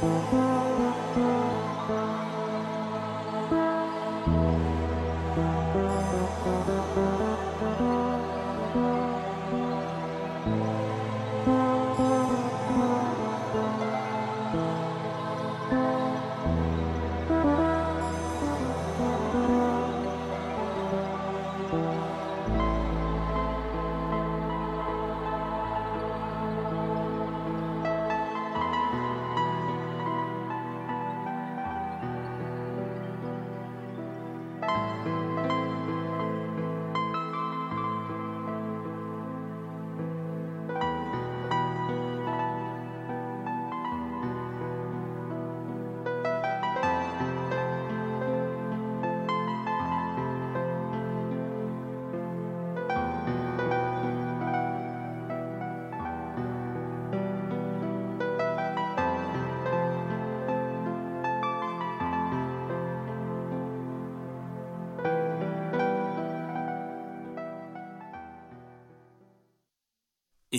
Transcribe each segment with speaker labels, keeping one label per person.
Speaker 1: Thank you.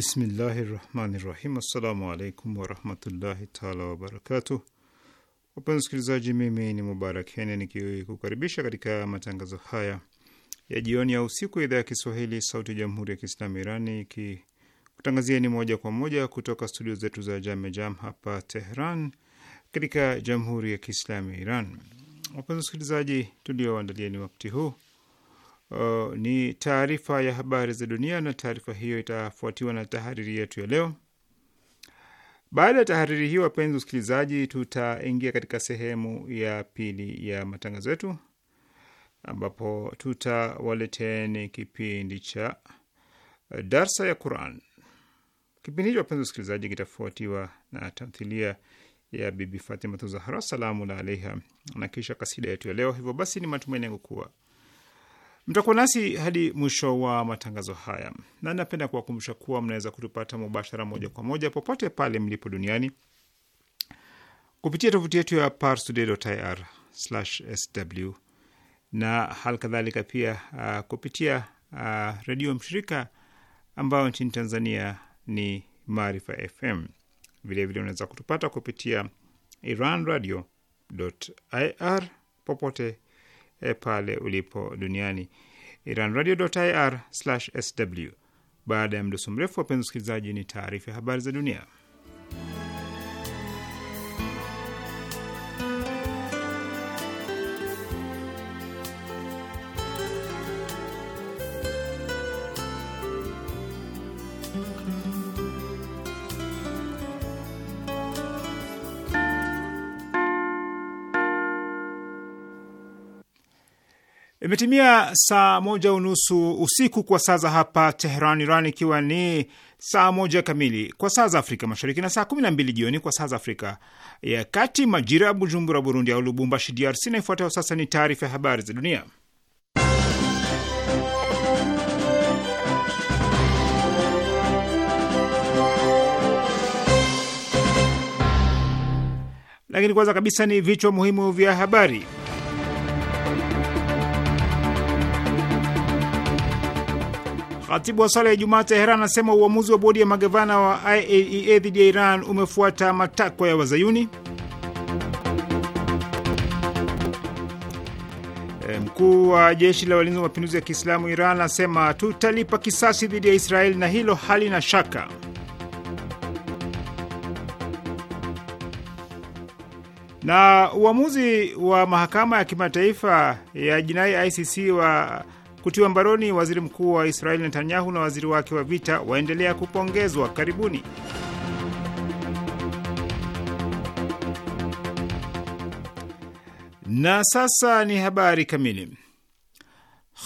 Speaker 2: Bismillahi rahmani rahim. Assalamu alaikum warahmatullahi taala wabarakatuh. Wapenzi wasikilizaji, mimi ni Mubarak Heni nikikukaribisha katika matangazo haya ya jioni ya usiku ya idhaa ya Kiswahili sauti ya jamhuri ya Kiislamu ikikutangazia ni moja kwa moja kutoka studio zetu za Jamejam hapa Tehran katika jamhuri ya Kiislamu Iran. Wapenzi wasikilizaji, ni wakati huu uh, ni taarifa ya habari za dunia, na taarifa hiyo itafuatiwa na tahariri yetu ya leo. Baada ya tahariri hiyo, wapenzi wasikilizaji, tutaingia katika sehemu ya pili ya matangazo yetu ambapo tutawaleteni kipindi cha darsa ya Quran. Kipindi hicho wapenzi wasikilizaji, kitafuatiwa na tamthilia ya Bibi Fatima Zahra salamu alaiha, na kisha kasida yetu ya leo. Hivyo basi, ni matumaini yangu kuwa Mtakuwa nasi hadi mwisho wa matangazo haya, na napenda kuwakumbusha kuwa mnaweza kutupata mubashara, moja kwa moja, popote pale mlipo duniani kupitia tovuti yetu ya parstoday.ir/sw na hali kadhalika pia uh, kupitia uh, redio mshirika ambayo nchini Tanzania ni Maarifa FM. Vilevile unaweza kutupata kupitia Iran radio ir popote e pale ulipo duniani. Iranradio.ir/sw. Baada ya mdoso mrefu, wapenzi wasikilizaji, ni taarifa ya habari za dunia. Imetimia saa moja unusu usiku kwa saa za hapa Tehran, Iran, ikiwa ni saa moja kamili kwa saa za Afrika Mashariki na saa kumi na mbili jioni kwa saa za Afrika ya Kati, majira ya Bujumbura, Burundi, au Lubumbashi, DRC. Na ifuatayo sasa ni taarifa ya habari za dunia, lakini kwanza kabisa ni vichwa muhimu vya habari. Khatibu wa sala ya Ijumaa Teheran anasema uamuzi wa bodi ya magavana wa IAEA e dhidi ya Iran umefuata matakwa ya Wazayuni. Eh, mkuu wa jeshi la walinzi wa mapinduzi ya Kiislamu Iran anasema tutalipa kisasi dhidi ya Israeli na hilo halina shaka. Na uamuzi wa mahakama ya kimataifa ya jinai ICC wa kutiwa mbaroni waziri mkuu wa Israeli Netanyahu na waziri wake wa vita waendelea kupongezwa. Karibuni. Na sasa ni habari kamili.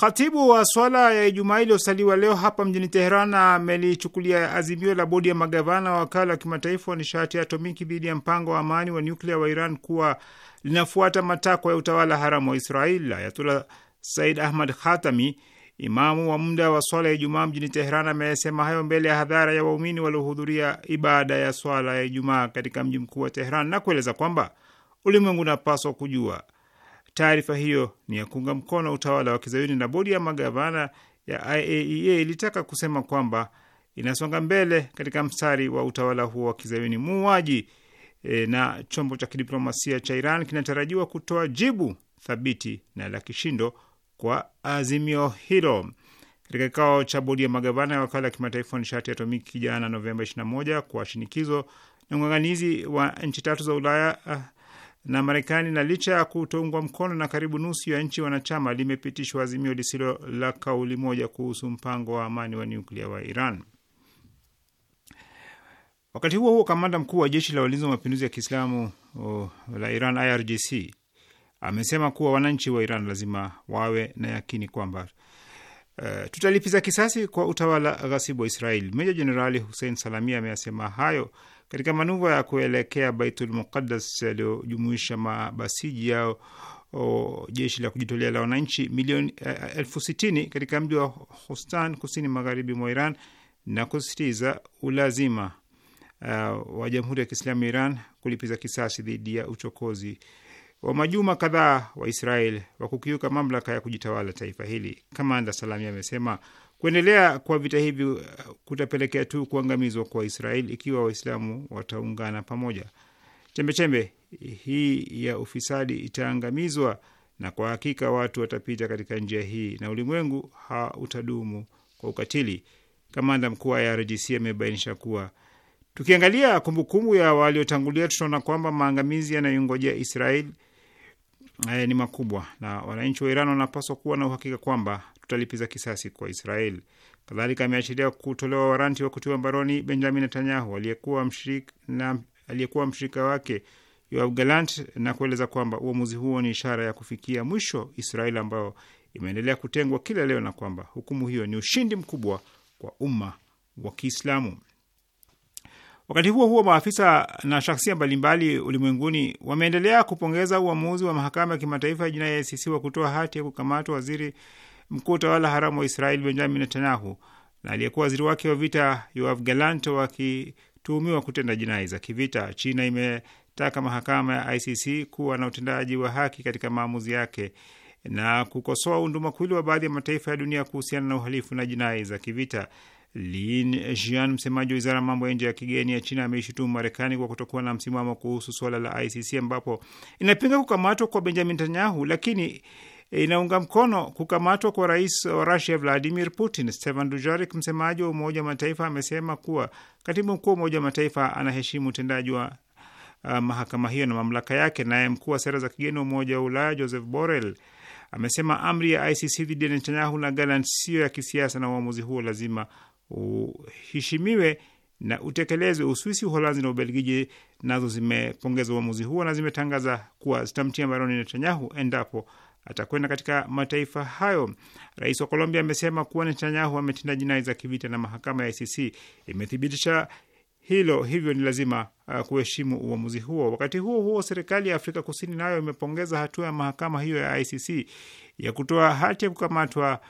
Speaker 2: Khatibu wa swala ya Ijumaa iliyosaliwa leo hapa mjini Teheran amelichukulia azimio la bodi ya magavana wa wakala wa kimataifa wa nishati ya atomiki dhidi ya mpango wa amani wa nyuklia wa Iran kuwa linafuata matakwa ya utawala haramu wa Israeli. Ayatullah Said Ahmad Khatami, imamu wa muda wa swala ya Ijumaa mjini Teheran, amesema hayo mbele ya hadhara ya waumini waliohudhuria ibada ya swala ya Ijumaa katika mji mkuu wa Teheran na kueleza kwamba ulimwengu unapaswa kujua taarifa hiyo ni ya kuunga mkono utawala wa kizayuni na bodi ya magavana ya IAEA e ilitaka kusema kwamba inasonga mbele katika mstari wa utawala huo wa kizayuni muuaji. E, na chombo cha kidiplomasia cha Iran kinatarajiwa kutoa jibu thabiti na la kishindo kwa azimio hilo. Katika kikao cha bodi ya magavana ya wakala ya kimataifa wa nishati ya atomiki jana Novemba 21 kwa shinikizo na ung'ang'anizi wa nchi tatu za Ulaya eh, na Marekani, na licha ya kutoungwa mkono na karibu nusu ya nchi wanachama, limepitishwa azimio lisilo la kauli moja kuhusu mpango wa amani wa nyuklia wa Iran. Wakati huo huo, kamanda mkuu wa jeshi la walinzi wa mapinduzi ya Kiislamu oh, la Iran IRGC amesema kuwa wananchi wa Iran lazima wawe na yakini kwamba Uh, tutalipiza kisasi kwa utawala ghasibu wa Israeli. Meja Jenerali Hussein Salami ameyasema hayo katika manuva ya kuelekea Baitul Muqaddas yaliyojumuisha mabasiji yao o, jeshi la kujitolea la wananchi milioni uh, elfu sitini katika mji wa Hustan kusini magharibi mwa Iran na kusisitiza ulazima uh, wa Jamhuri ya Kiislamu ya Iran kulipiza kisasi dhidi ya uchokozi wa majuma kadhaa wa Israel wa kukiuka mamlaka ya kujitawala taifa hili. Kamanda Salami amesema kuendelea kwa vita hivi uh, kutapelekea tu kuangamizwa kwa Israel ikiwa Waislamu wataungana pamoja. Chembechembe hii ya ufisadi itaangamizwa, na kwa hakika watu watapita katika njia hii na ulimwengu hautadumu kwa ukatili. Kamanda mkuu wa IRGC amebainisha kuwa tukiangalia kumbukumbu ya waliotangulia, tutaona kwamba maangamizi yanayongojea Israeli eh, ni makubwa na wananchi wa Iran wanapaswa kuwa na uhakika kwamba tutalipiza kisasi kwa Israel. Kadhalika ameashiria kutolewa waranti wa kutiwa mbaroni Benjamin Netanyahu aliyekuwa mshirika, na, aliyekuwa mshirika wake Yoav Galant na kueleza kwamba uamuzi huo ni ishara ya kufikia mwisho Israel ambayo imeendelea kutengwa kila leo na kwamba hukumu hiyo ni ushindi mkubwa kwa umma wa Kiislamu. Wakati huo huo, maafisa na shahsia mbalimbali ulimwenguni wameendelea kupongeza uamuzi wa mahakama ya kimataifa ya jinai ya ICC wa kutoa hati ya kukamatwa waziri mkuu utawala haramu wa Israel Benjamin Netanyahu na aliyekuwa waziri wake wa vita Yoav Gallant wakituhumiwa kutenda jinai za kivita. China imetaka mahakama ya ICC kuwa na utendaji wa haki katika maamuzi yake na kukosoa undumakuwili wa baadhi ya mataifa ya dunia kuhusiana na uhalifu na jinai za kivita. Lin Jian, msemaji wa wizara ya mambo ya nje ya kigeni ya China, ameishutumu Marekani kwa kutokuwa na msimamo kuhusu suala la ICC, ambapo inapinga kukamatwa kwa Benjamin Netanyahu lakini inaunga mkono kukamatwa kwa rais wa Rusia Vladimir Putin. Stephane Dujarric, msemaji wa Umoja wa Mataifa, amesema kuwa katibu mkuu wa Umoja wa Mataifa anaheshimu utendaji wa uh, mahakama hiyo na mamlaka yake. Naye mkuu wa sera za kigeni wa Umoja wa Ulaya Joseph Borrell amesema amri ya ICC dhidi ya Netanyahu na Galant siyo ya kisiasa na uamuzi huo lazima uheshimiwe na utekelezwe. Uswisi, Uholanzi na Ubelgiji nazo zimepongeza uamuzi huo na zimetangaza kuwa zitamtia mbaroni Netanyahu endapo atakwenda katika mataifa hayo. Rais wa Colombia amesema kuwa Netanyahu ametenda jinai za kivita na mahakama ya ICC imethibitisha hilo, hivyo ni lazima uh, kuheshimu uamuzi huo. Wakati huo huo, serikali ya Afrika Kusini nayo imepongeza hatua ya mahakama hiyo ya ICC ya kutoa hati ya kukamatwa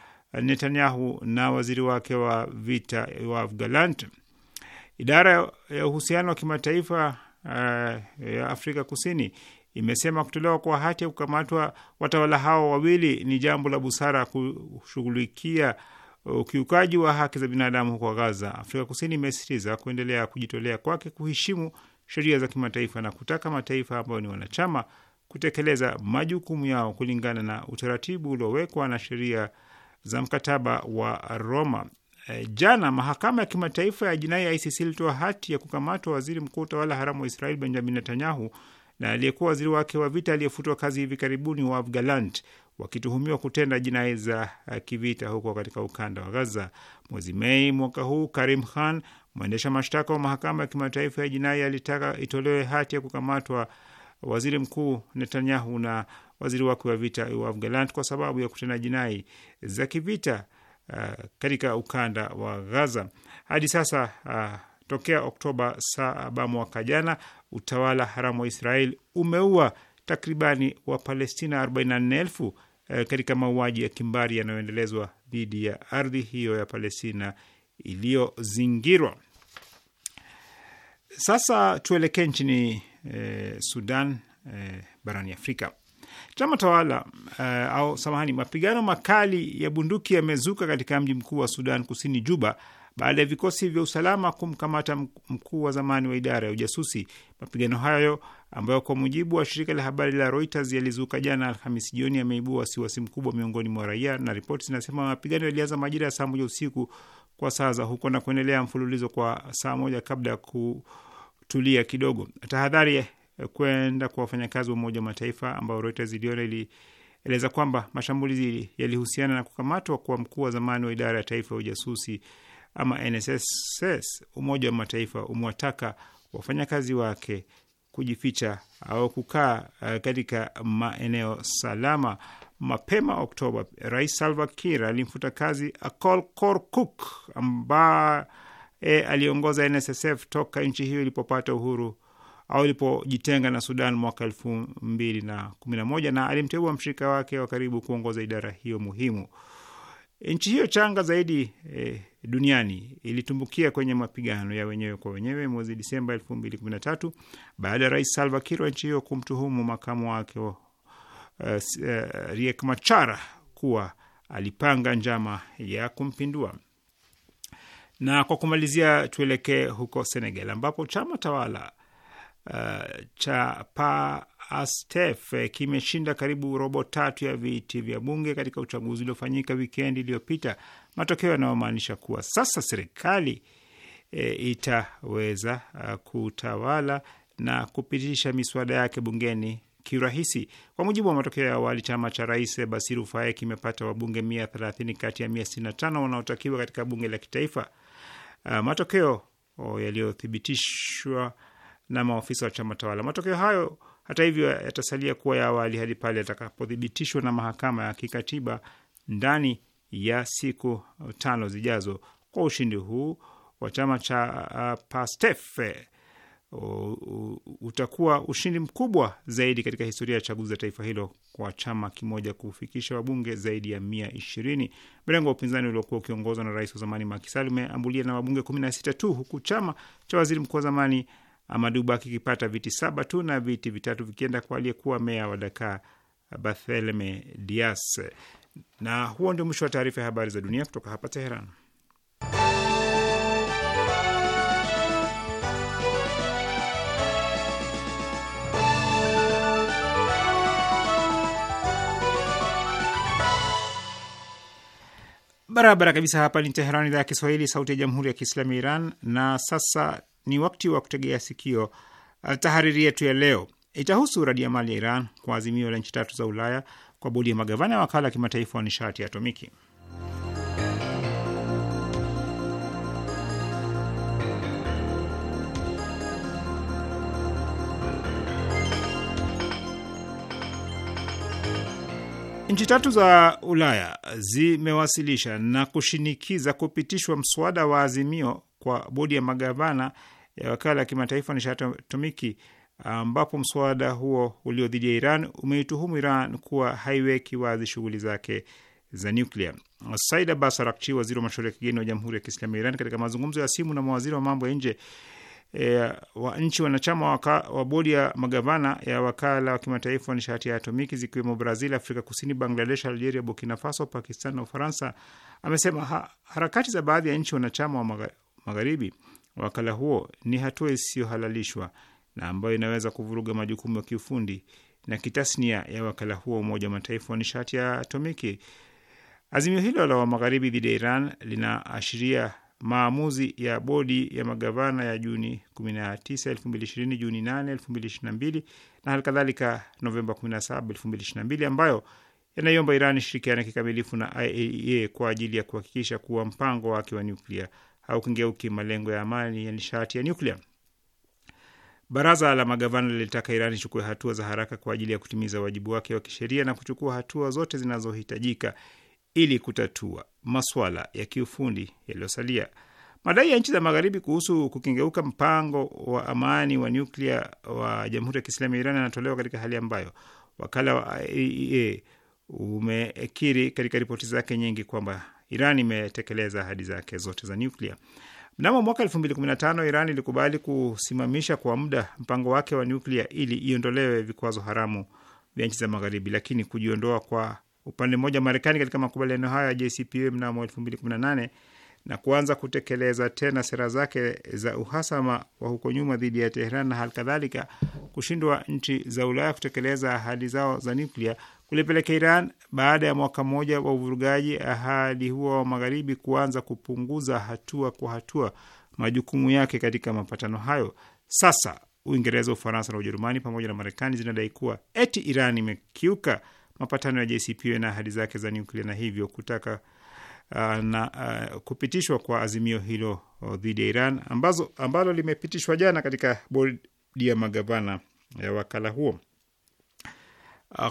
Speaker 2: Netanyahu na waziri wake wa vita wa Galant. Idara ya uhusiano wa kimataifa uh, ya Afrika Kusini imesema kutolewa kwa hati ya kukamatwa watawala hao wawili ni jambo la busara kushughulikia ukiukaji wa haki za binadamu huko Gaza. Afrika Kusini imesisitiza kuendelea kujitolea kwake kuheshimu sheria za kimataifa na kutaka mataifa ambayo ni wanachama kutekeleza majukumu yao kulingana na utaratibu uliowekwa na sheria za mkataba wa Roma. E, jana mahakama ya kimataifa ya jinai ya ICC ilitoa hati ya kukamatwa waziri mkuu utawala haramu wa Israel Benjamin Netanyahu na aliyekuwa waziri wake wa vita aliyefutwa kazi hivi karibuni wa Gallant wakituhumiwa kutenda jinai za eh, kivita huko katika ukanda wa Gaza. Mwezi Mei mwaka huu, Karim Khan, mwendesha mashtaka wa mahakama ya kimataifa ya jinai, alitaka itolewe hati ya kukamatwa waziri mkuu Netanyahu na waziri wake wa vita Yoav Gallant kwa sababu ya kutenda jinai za kivita uh, katika ukanda wa Gaza. Hadi sasa uh, tokea Oktoba saba mwaka jana, utawala haramu wa Israel umeua takribani Wapalestina 44,000 uh, katika mauaji ya kimbari yanayoendelezwa dhidi ya ardhi hiyo ya Palestina iliyozingirwa. Sasa tuelekee nchini eh, Sudan eh, barani Afrika. Chama tawala uh, au samahani, mapigano makali ya bunduki yamezuka katika mji mkuu wa Sudan Kusini, Juba, baada ya vikosi vya usalama kumkamata mkuu wa zamani wa idara ya ujasusi. Mapigano hayo ambayo kwa mujibu wa shirika la habari la Reuters yalizuka jana Alhamisi jioni yameibua wasiwasi mkubwa miongoni mwa raia, na ripoti zinasema mapigano yalianza majira ya saa moja usiku kwa saa za huko na kuendelea mfululizo kwa saa moja kabla ya kutulia kidogo. Tahadhari kwenda kwa wafanyakazi wa Umoja wa Mataifa ambao Reuters iliona ilieleza kwamba mashambulizi yalihusiana na kukamatwa kwa mkuu wa zamani wa idara ya taifa ya ujasusi ama NSS. Umoja wa Mataifa umewataka wafanyakazi wake kujificha au kukaa eh, katika maeneo salama. Mapema Oktoba, Rais Salva Kiir alimfuta kazi Akol Korkuk ambaye aliongoza NSSF toka nchi hiyo ilipopata uhuru au ilipojitenga na Sudan mwaka elfu mbili na kumi na moja na alimteua mshirika wake wa karibu kuongoza idara hiyo muhimu. Nchi hiyo changa zaidi eh, duniani ilitumbukia kwenye mapigano ya wenyewe kwa wenyewe mwezi Disemba elfu mbili kumi na tatu baada ya Rais Salva Kiir wa nchi hiyo kumtuhumu makamu wake uh, uh, Riek Machar kuwa alipanga njama ya kumpindua. Na kwa kumalizia, tuelekee huko Senegal ambapo chama tawala Uh, cha PASTEF eh, kimeshinda karibu robo tatu ya viti vya bunge katika uchaguzi uliofanyika wikendi iliyopita, matokeo yanayomaanisha kuwa sasa serikali e, itaweza a, eh, kutawala na kupitisha miswada yake bungeni kiurahisi. Kwa mujibu wa matokeo ya awali, chama cha rais Basiru Faye kimepata wabunge mia thelathini kati ya mia tano wanaotakiwa katika bunge la kitaifa. Uh, matokeo oh, yaliyothibitishwa na maafisa wa chama tawala. Matokeo hayo hata hivyo yatasalia kuwa ya awali hadi pale yatakapothibitishwa na mahakama ya kikatiba ndani ya siku tano zijazo. Kwa ushindi huu wa chama cha uh, PASTEF uh, utakuwa ushindi mkubwa zaidi katika historia ya chaguzi za taifa hilo kwa chama kimoja kufikisha wabunge zaidi ya mia ishirini. Mrengo wa upinzani uliokuwa ukiongozwa na rais wa zamani makisali umeambulia na wabunge kumi na sita tu huku chama cha waziri mkuu wa zamani Amadu Baki viti saba tu na viti vitatu vikienda kwa aliyekuwa meya wa daka Barthelme Dias. Na huo ndio mwisho wa taarifa ya habari za dunia kutoka hapa Teheran. Barabara kabisa, hapa ni Teherani, idhaa ya Kiswahili, sauti ya jamhuri ya kiislamu ya Iran. Na sasa ni wakati wa kutegea sikio. Uh, tahariri yetu ya leo itahusu radiamali ya Iran kwa azimio la nchi tatu za Ulaya kwa bodi ya magavana ya wakala ya kimataifa wa nishati ya atomiki. Nchi tatu za Ulaya zimewasilisha na kushinikiza kupitishwa mswada wa azimio kwa bodi ya magavana ya wakala ya kimataifa nishati atomiki ambapo mswada huo ulio dhidi ya Iran umeituhumu Iran kuwa haiweki wazi shughuli zake za nuklia. Said Abbas Arakchi, waziri wa mashauri ya kigeni wa Jamhuri ya Kiislamu ya Iran, katika mazungumzo ya simu na mawaziri wa mambo ya nje e, wa nchi wanachama waka, wa bodi ya magavana ya wakala wa kimataifa wa nishati ya atomiki zikiwemo Brazil, Afrika Kusini, Bangladesh, Algeria, Burkina Faso, Pakistan na Ufaransa, amesema ha, harakati za baadhi ya nchi wanachama wa magharibi wakala huo ni hatua isiyohalalishwa na ambayo inaweza kuvuruga majukumu ya kiufundi na kitasnia ya wakala huo Umoja wa Mataifa wa nishati ya atomiki. Azimio hilo la magharibi dhidi ya Iran linaashiria maamuzi ya bodi ya magavana ya Juni 19, 2020, Juni 8, 2022 na halikadhalika Novemba 17, 2022 ambayo yanaiomba Iran ishirikiane kikamilifu na IAEA e kwa ajili ya kuhakikisha kuwa mpango wake wa nyuklia au kingeuki malengo ya amani ya nishati ya nyuklia. Baraza la magavana lilitaka Iran ichukue hatua za haraka kwa ajili ya kutimiza wajibu wake wa kisheria na kuchukua hatua zote zinazohitajika ili kutatua maswala ya kiufundi yaliyosalia. Madai ya nchi za Magharibi kuhusu kukengeuka mpango wa amani wa nyuklia wa Jamhuri ya Kiislamu ya Iran yanatolewa katika hali ambayo wakala wa IAEA e umekiri katika ripoti zake nyingi kwamba Iran imetekeleza ahadi zake zote za nyuklia. Mnamo mwaka 2015 Iran ilikubali kusimamisha kwa muda mpango wake wa nyuklia ili iondolewe vikwazo haramu vya nchi za Magharibi, lakini kujiondoa kwa upande mmoja Marekani katika makubaliano hayo ya JCPOA mnamo 2018 na kuanza kutekeleza tena sera zake za uhasama wa huko nyuma dhidi ya Teheran na kadhalika kushindwa nchi za Ulaya kutekeleza ahadi zao za nyuklia ulipelekea Iran baada ya mwaka mmoja wa uvurugaji ahadi huo wa magharibi kuanza kupunguza hatua kwa hatua majukumu yake katika mapatano hayo. Sasa Uingereza, Ufaransa na Ujerumani pamoja na Marekani zinadai kuwa eti Iran imekiuka mapatano ya JCPOA na ahadi zake za nyuklia na hivyo kutaka uh, na uh, kupitishwa kwa azimio hilo uh, dhidi ya Iran ambazo, ambalo limepitishwa jana katika bodi ya magavana ya wakala huo.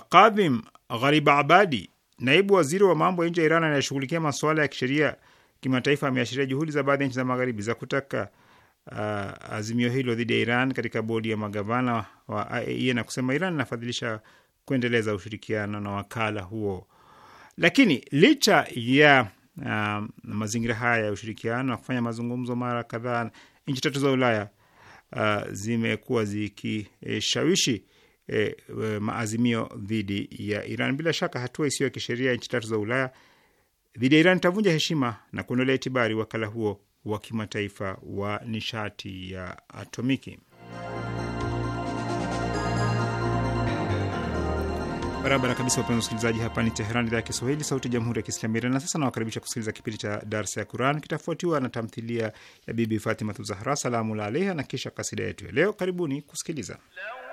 Speaker 2: Kadhim Abadi, naibu waziri wa mambo ya nje ya Iran anayeshughulikia masuala ya kisheria kimataifa, ameashiria juhudi za baadhi ya nchi za magharibi za kutaka uh, azimio hilo dhidi ya Iran katika bodi ya magavana wa IAEA e na kusema Iran inafadhilisha kuendeleza ushirikiano na wakala huo. Lakini licha ya um, mazingira haya ya ushirikiano na kufanya mazungumzo mara kadhaa, nchi tatu za Ulaya uh, zimekuwa zikishawishi E, e, maazimio dhidi ya Iran. Bila shaka hatua isiyo ya kisheria ya nchi tatu za Ulaya dhidi ya Iran itavunja heshima na kuondolea itibari wakala huo wa kimataifa wa nishati ya atomiki. Barabara kabisa, wapenzi wasikilizaji, hapa ni Teheran, idhaa ya Kiswahili, sauti ya jamhuri ya kiislamu Iran. Na sasa nawakaribisha kusikiliza kipindi cha darsa ya Quran, kitafuatiwa na tamthilia ya Bibi Fatimatu Zahra salamu alayha, na kisha kasida yetu ya leo. Karibuni kusikiliza Hello.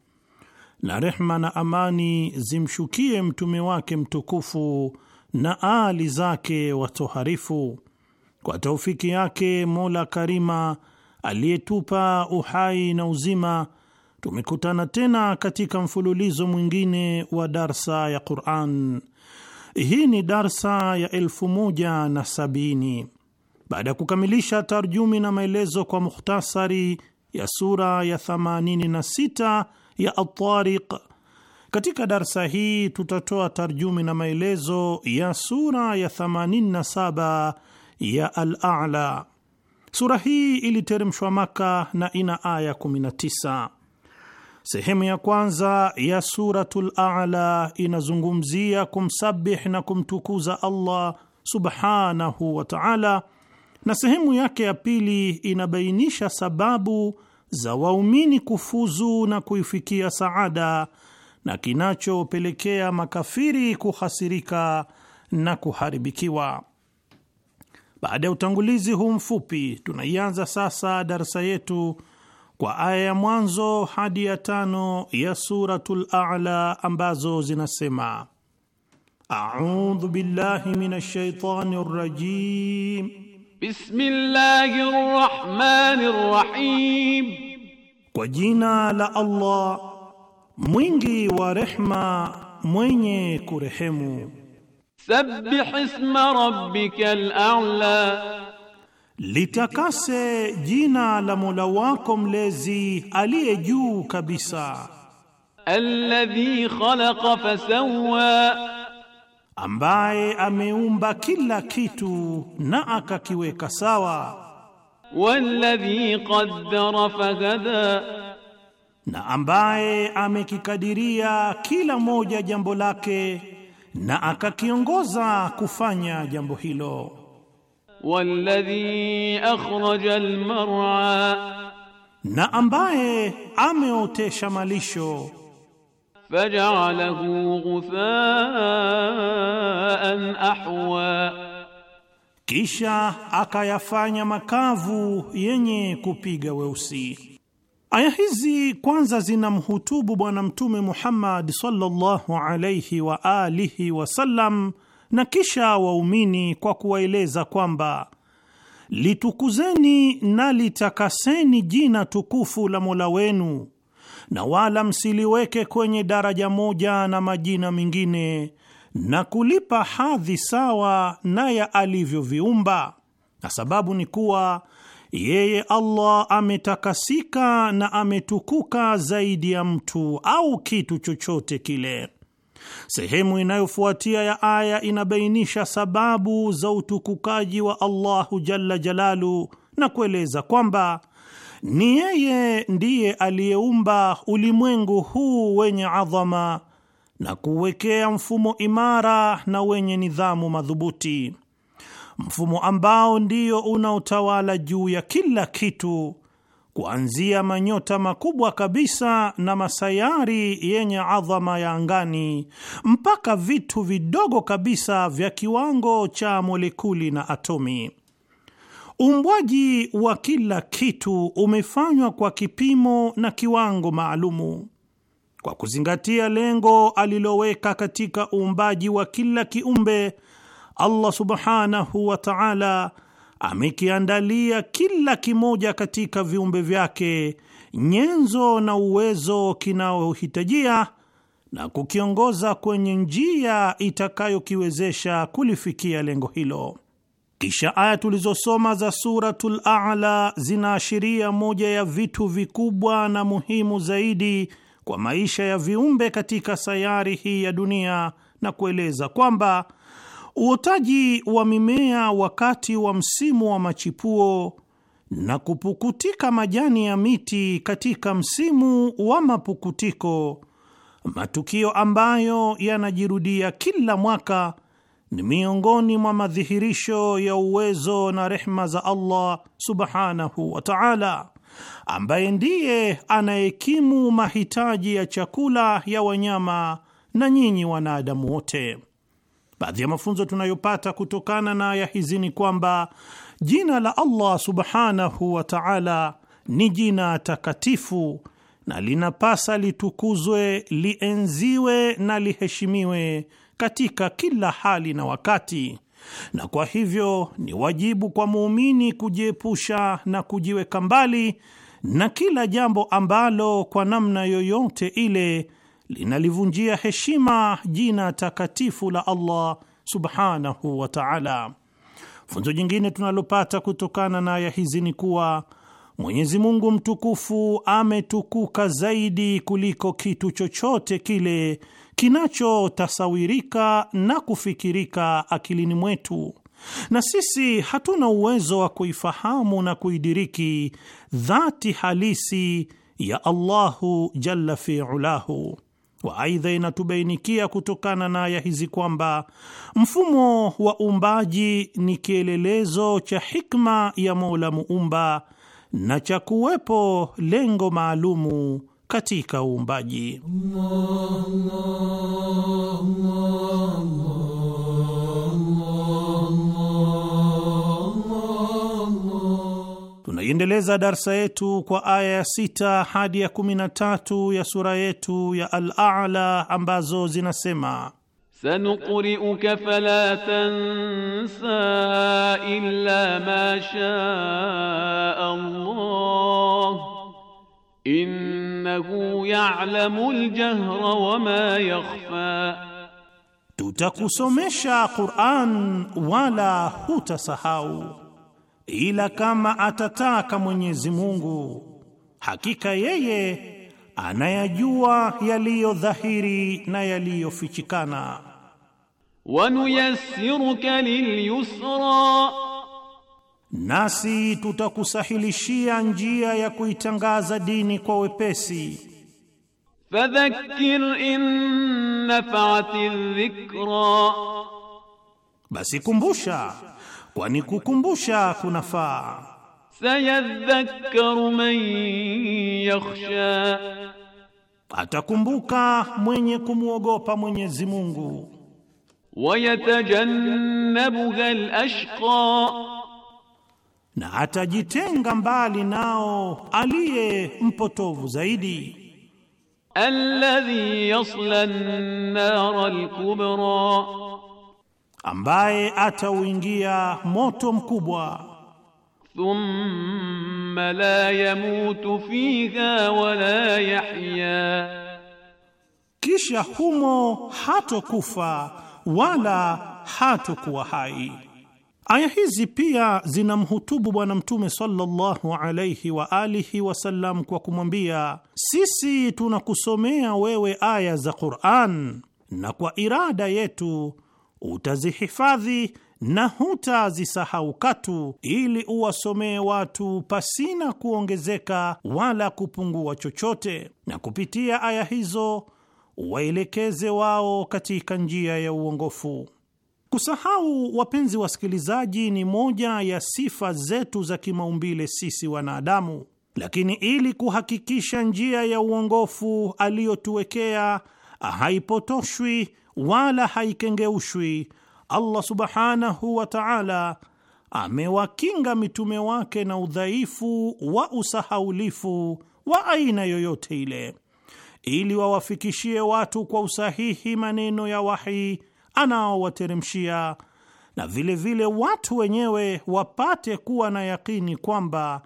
Speaker 3: na rehma na amani zimshukie mtume wake mtukufu na aali zake watoharifu. Kwa taufiki yake Mola Karima aliyetupa uhai na uzima, tumekutana tena katika mfululizo mwingine wa darsa ya Quran. Hii ni darsa ya elfu moja na sabini baada ya kukamilisha tarjumi na maelezo kwa mukhtasari ya sura ya 86 ya At-Tariq. Katika darsa hii tutatoa tarjumi na maelezo ya sura ya 87 ya Al-A'la. Sura hii iliteremshwa Maka na ina aya 19. Sehemu ya kwanza ya Suratul A'la inazungumzia kumsabih na kumtukuza Allah subhanahu wa ta'ala, na sehemu yake ya pili inabainisha sababu za waumini kufuzu na kuifikia saada na kinachopelekea makafiri kuhasirika na kuharibikiwa. Baada ya utangulizi huu mfupi, tunaianza sasa darsa yetu kwa aya ya mwanzo hadi ya tano ya Suratul A'la ambazo zinasema: audhu billahi minash shaitani rajim بسم الله الرحمن الرحيم وجينا لا الله مينجي ورحمة مين كرحمو سبح اسم ربك الأعلى litakase جينا la لزي ألي جو كبسا الذي خلق فسوى ambaye ameumba kila kitu na akakiweka sawa. Walladhi qaddara fahada, na ambaye amekikadiria kila moja jambo lake na akakiongoza kufanya jambo hilo. Walladhi akhraja almar'a, na ambaye ameotesha malisho
Speaker 4: fajalahu
Speaker 3: ghufaan ahwa, kisha akayafanya makavu yenye kupiga weusi. Aya hizi kwanza zinamhutubu Bwana Mtume Muhammad sallallahu alayhi wa alihi wasallam na kisha waumini kwa kuwaeleza kwamba litukuzeni na litakaseni jina tukufu la Mola wenu na wala msiliweke kwenye daraja moja na majina mengine, na kulipa hadhi sawa na ya alivyoviumba, na sababu ni kuwa yeye Allah ametakasika na ametukuka zaidi ya mtu au kitu chochote kile. Sehemu inayofuatia ya aya inabainisha sababu za utukukaji wa Allahu jalla jalalu na kueleza kwamba ni yeye ndiye aliyeumba ulimwengu huu wenye adhama na kuwekea mfumo imara na wenye nidhamu madhubuti, mfumo ambao ndio unaotawala juu ya kila kitu, kuanzia manyota makubwa kabisa na masayari yenye adhama ya angani mpaka vitu vidogo kabisa vya kiwango cha molekuli na atomi. Uumbwaji wa kila kitu umefanywa kwa kipimo na kiwango maalumu kwa kuzingatia lengo aliloweka katika uumbaji wa kila kiumbe. Allah subhanahu wa ta'ala amekiandalia kila kimoja katika viumbe vyake nyenzo na uwezo kinayohitajia na kukiongoza kwenye njia itakayokiwezesha kulifikia lengo hilo. Kisha aya tulizosoma za Suratul A'la zinaashiria moja ya vitu vikubwa na muhimu zaidi kwa maisha ya viumbe katika sayari hii ya dunia na kueleza kwamba uotaji wa mimea wakati wa msimu wa machipuo na kupukutika majani ya miti katika msimu wa mapukutiko, matukio ambayo yanajirudia kila mwaka ni miongoni mwa madhihirisho ya uwezo na rehma za Allah subhanahu wa ta'ala, ambaye ndiye anayekimu mahitaji ya chakula ya wanyama na nyinyi wanadamu wote. Baadhi ya mafunzo tunayopata kutokana na aya hizi ni kwamba jina la Allah subhanahu wa ta'ala ni jina takatifu na linapasa litukuzwe, lienziwe na liheshimiwe katika kila hali na wakati, na kwa hivyo ni wajibu kwa muumini kujiepusha na kujiweka mbali na kila jambo ambalo kwa namna yoyote ile linalivunjia heshima jina takatifu la Allah subhanahu wa ta'ala. Funzo jingine tunalopata kutokana na aya hizi ni kuwa Mwenyezi Mungu mtukufu ametukuka zaidi kuliko kitu chochote kile kinachotasawirika na kufikirika akilini mwetu, na sisi hatuna uwezo wa kuifahamu na kuidiriki dhati halisi ya Allahu jalla fiulahu. Wa aidha, inatubainikia kutokana na aya hizi kwamba mfumo wa uumbaji ni kielelezo cha hikma ya Mola muumba na cha kuwepo lengo maalumu katika uumbaji. Tunaiendeleza darsa yetu kwa aya ya sita hadi ya kumi na tatu ya sura yetu ya Al-A'la ambazo zinasema
Speaker 5: Sanuqri'uka fala tansa illa ma sha Allah innahu ya'lamu al-jahra wa ma yakhfa,
Speaker 3: tutakusomesha Qur'an wala hutasahau, ila kama atataka Mwenyezi Mungu, hakika yeye anayajua yaliyo dhahiri na yaliyofichikana. Wa nuyassiruka lilyusra nasi tutakusahilishia njia ya kuitangaza dini kwa wepesi. Fadhakkir in nafa'ati dhikra, basi kumbusha, kwani kukumbusha kunafaa. Sayadhakkaru man yakhsha, atakumbuka mwenye kumwogopa Mwenyezi Mungu. Wayatajannabuha al-ashqa na atajitenga mbali nao aliye mpotovu zaidi. Alladhi yasla an-nar al-kubra, ambaye atauingia moto mkubwa.
Speaker 5: Thumma la yamutu
Speaker 3: fiha wa la
Speaker 5: yahya,
Speaker 3: kisha humo hatokufa wala hatokuwa hai. Aya hizi pia zinamhutubu Bwana Mtume sallallahu alaihi wa alihi wasallam kwa kumwambia, sisi tunakusomea wewe aya za Qur'an na kwa irada yetu utazihifadhi na hutazisahau katu, ili uwasomee watu pasina kuongezeka wala kupungua chochote, na kupitia aya hizo waelekeze wao katika njia ya uongofu. Kusahau, wapenzi wasikilizaji, ni moja ya sifa zetu za kimaumbile sisi wanadamu, lakini ili kuhakikisha njia ya uongofu aliyotuwekea haipotoshwi wala haikengeushwi, Allah subhanahu wa ta'ala amewakinga mitume wake na udhaifu wa usahaulifu wa aina yoyote ile, ili wawafikishie watu kwa usahihi maneno ya wahi anaowateremshia na vilevile vile watu wenyewe wapate kuwa na yakini kwamba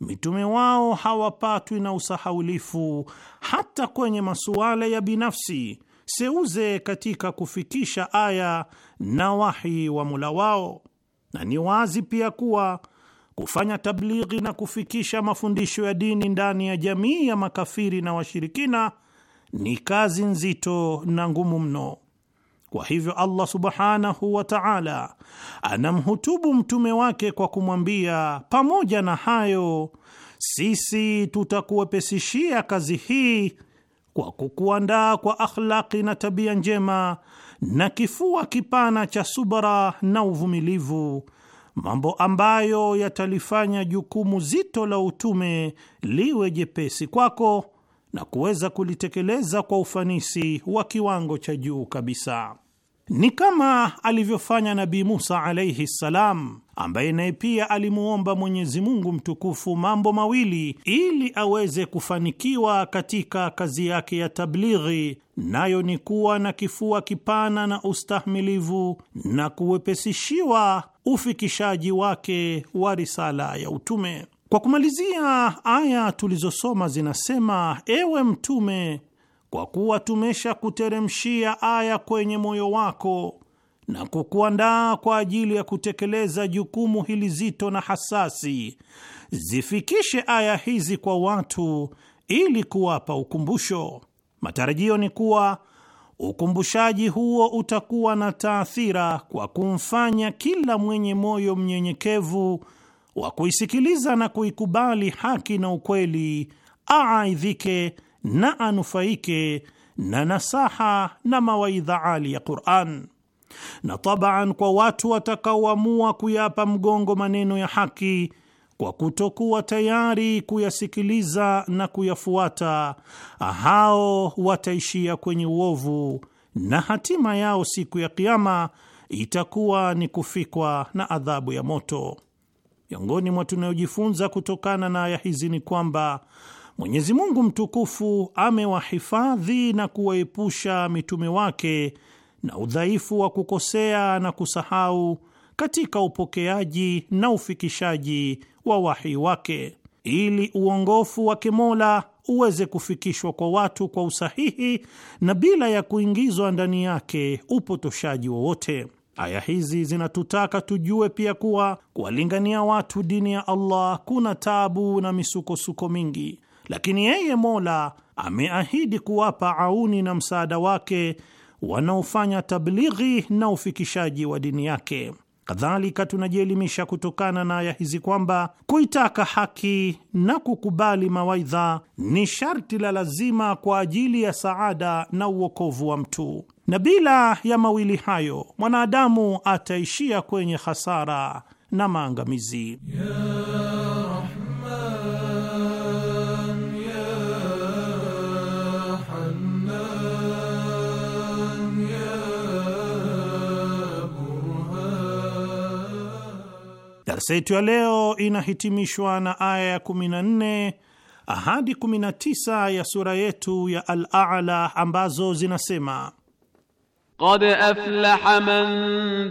Speaker 3: mitume wao hawapatwi na usahaulifu hata kwenye masuala ya binafsi seuze katika kufikisha aya na wahi wa mula wao. Na ni wazi pia kuwa kufanya tablighi na kufikisha mafundisho ya dini ndani ya jamii ya makafiri na washirikina ni kazi nzito na ngumu mno. Kwa hivyo Allah subhanahu wa ta'ala anamhutubu mtume wake kwa kumwambia, pamoja na hayo, sisi tutakuwepesishia kazi hii kwa kukuandaa kwa akhlaki na tabia njema na kifua kipana cha subra na uvumilivu, mambo ambayo yatalifanya jukumu zito la utume liwe jepesi kwako na kuweza kulitekeleza kwa ufanisi wa kiwango cha juu kabisa. Ni kama alivyofanya Nabii Musa alaihi ssalam, ambaye naye pia alimuomba Mwenyezi Mungu mtukufu mambo mawili ili aweze kufanikiwa katika kazi yake ya tablighi, nayo ni kuwa na kifua kipana na ustahmilivu na kuwepesishiwa ufikishaji wake wa risala ya utume. Kwa kumalizia, aya tulizosoma zinasema: ewe Mtume, kwa kuwa tumeshakuteremshia aya kwenye moyo wako na kukuandaa kwa ajili ya kutekeleza jukumu hili zito na hasasi, zifikishe aya hizi kwa watu ili kuwapa ukumbusho. Matarajio ni kuwa ukumbushaji huo utakuwa na taathira kwa kumfanya kila mwenye moyo mnyenyekevu wa kuisikiliza na kuikubali haki na ukweli, aaidhike na anufaike na nasaha na mawaidha ali ya Qur'an, na tabaan kwa watu watakaoamua kuyapa mgongo maneno ya haki kwa kutokuwa tayari kuyasikiliza na kuyafuata, hao wataishia kwenye uovu na hatima yao siku ya kiama itakuwa ni kufikwa na adhabu ya moto. Miongoni mwa tunayojifunza kutokana na aya hizi ni kwamba Mwenyezi Mungu mtukufu amewahifadhi na kuwaepusha mitume wake na udhaifu wa kukosea na kusahau katika upokeaji na ufikishaji wa wahi wake, ili uongofu wa kimola uweze kufikishwa kwa watu kwa usahihi na bila ya kuingizwa ndani yake upotoshaji wowote. Aya hizi zinatutaka tujue pia kuwa kuwalingania watu dini ya Allah kuna tabu na misukosuko mingi, lakini yeye Mola ameahidi kuwapa auni na msaada wake wanaofanya tablighi na ufikishaji wa dini yake. Kadhalika tunajielimisha kutokana na aya hizi kwamba kuitaka haki na kukubali mawaidha ni sharti la lazima kwa ajili ya saada na uokovu wa mtu, na bila ya mawili hayo mwanadamu ataishia kwenye hasara na maangamizi ya Darsa yetu ya leo inahitimishwa na aya ya 14 hadi 19 ya sura yetu ya Al-A'la ambazo zinasema: Qad aflaha man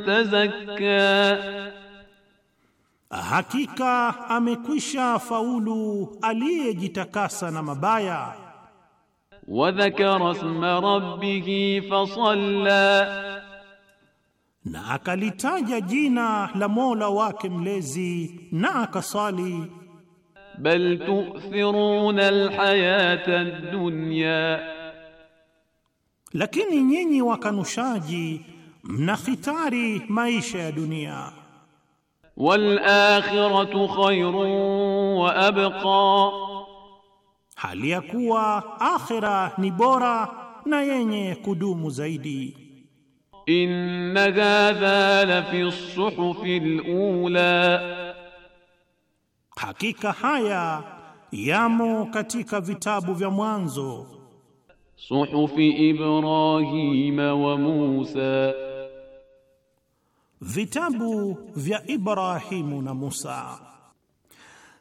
Speaker 3: tazakka, hakika amekwisha faulu aliyejitakasa na mabaya. Wa dhakara isma rabbih fasalla na akalitaja jina la Mola wake mlezi na akasali. Bal tu'thiruna
Speaker 5: alhayata ad-dunya,
Speaker 3: lakini nyinyi wakanushaji mnahitari maisha ya dunia. Wal akhiratu khairun wa abqa, hali ya kuwa akhira ni bora na yenye kudumu zaidi inna hadha la fi suhufi alula, hakika haya yamo katika vitabu vya mwanzo.
Speaker 5: Suhufi Ibrahima
Speaker 3: wa Musa, vitabu vya Ibrahimu na Musa.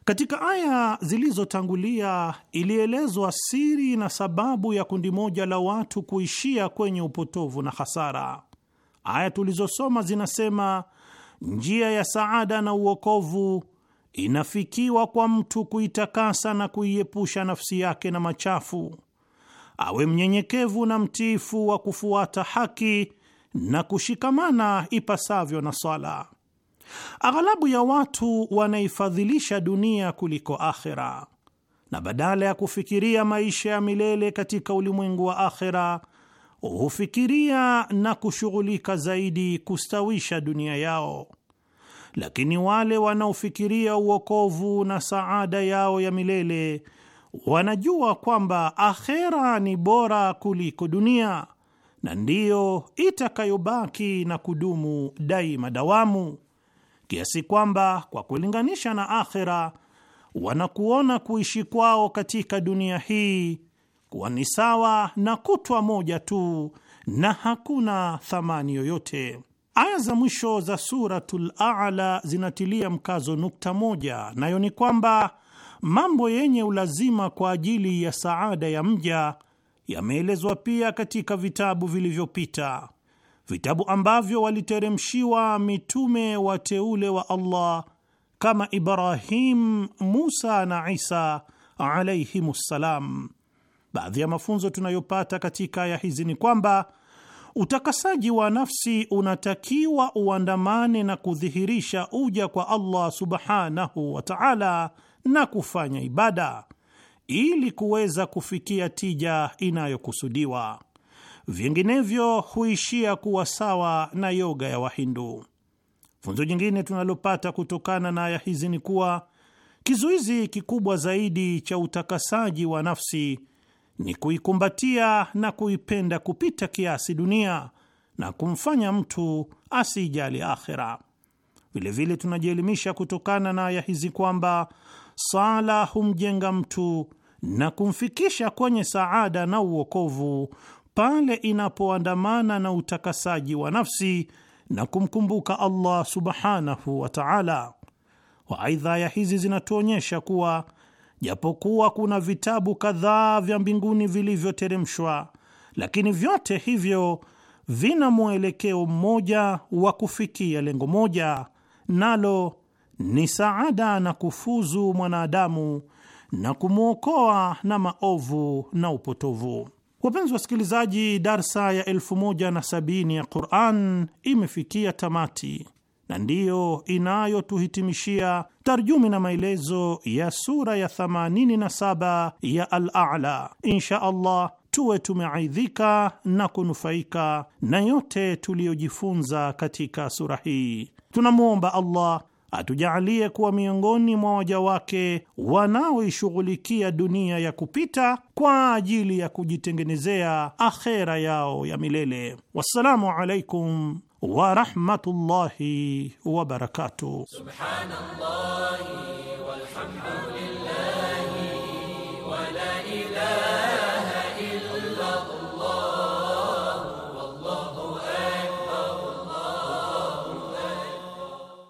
Speaker 3: Katika aya zilizotangulia ilielezwa siri na sababu ya kundi moja la watu kuishia kwenye upotovu na hasara. Aya tulizosoma zinasema njia ya saada na uokovu inafikiwa kwa mtu kuitakasa na kuiepusha nafsi yake na machafu, awe mnyenyekevu na mtiifu wa kufuata haki na kushikamana ipasavyo na swala. Aghalabu ya watu wanaifadhilisha dunia kuliko akhera, na badala ya kufikiria maisha ya milele katika ulimwengu wa akhera hufikiria na kushughulika zaidi kustawisha dunia yao, lakini wale wanaofikiria uokovu na saada yao ya milele wanajua kwamba akhera ni bora kuliko dunia na ndiyo itakayobaki na kudumu daima dawamu, kiasi kwamba kwa kulinganisha na akhera wanakuona kuishi kwao katika dunia hii kuwa ni sawa na kutwa moja tu na hakuna thamani yoyote. Aya za mwisho za Suratul Aala zinatilia mkazo nukta moja, nayo ni kwamba mambo yenye ulazima kwa ajili ya saada ya mja yameelezwa pia katika vitabu vilivyopita, vitabu ambavyo waliteremshiwa mitume wateule wa Allah kama Ibrahim, Musa na Isa alayhimus ssalam. Baadhi ya mafunzo tunayopata katika aya hizi ni kwamba utakasaji wa nafsi unatakiwa uandamane na kudhihirisha uja kwa Allah subhanahu wa ta'ala na kufanya ibada ili kuweza kufikia tija inayokusudiwa. Vinginevyo huishia kuwa sawa na yoga ya Wahindu. Funzo jingine tunalopata kutokana na aya hizi ni kuwa kizuizi kikubwa zaidi cha utakasaji wa nafsi ni kuikumbatia na kuipenda kupita kiasi dunia na kumfanya mtu asijali akhira Vilevile tunajielimisha kutokana na aya hizi kwamba sala humjenga mtu na kumfikisha kwenye saada na uokovu pale inapoandamana na utakasaji wa nafsi na kumkumbuka Allah subhanahu wa ta'ala. Waaidha, aya hizi zinatuonyesha kuwa japokuwa kuna vitabu kadhaa vya mbinguni vilivyoteremshwa, lakini vyote hivyo vina mwelekeo mmoja wa kufikia lengo moja, nalo ni saada na kufuzu mwanadamu na kumwokoa na maovu na upotovu. Wapenzi wasikilizaji, darsa ya elfu moja na sabini ya Quran imefikia tamati na ndiyo inayotuhitimishia tarjumi na maelezo ya sura ya 87 ya Al-A'la. Insha Allah tuwe tumeaidhika na kunufaika na yote tuliyojifunza katika sura hii. Tunamwomba Allah atujaalie kuwa miongoni mwa waja wake wanaoishughulikia dunia ya kupita kwa ajili ya kujitengenezea akhera yao ya milele. Wassalamu alaikum ورحمة الله وبركاته
Speaker 1: سبحان الله والحمد لله ولا إله إلا الله والله
Speaker 4: أكبر الله أكبر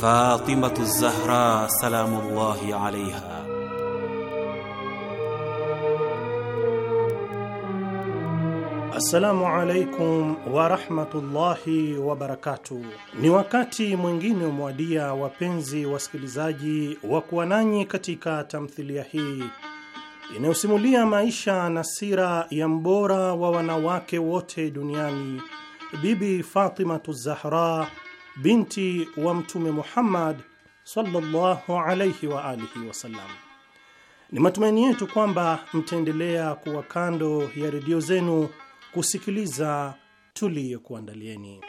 Speaker 4: فاطمة الزهراء سلام الله عليها
Speaker 3: Assalamu alaikum warahmatullahi wabarakatuh. Ni wakati mwingine umewadia, wapenzi wasikilizaji, wa kuwa nanyi katika tamthilia hii inayosimulia maisha na sira ya mbora wa wanawake wote duniani, Bibi Fatimatu Zahra, binti wa Mtume Muhammad sallallahu alaihi wa alihi wasallam.
Speaker 6: Ni matumaini yetu kwamba mtaendelea kuwa kando ya redio zenu kusikiliza tuliyokuandalieni.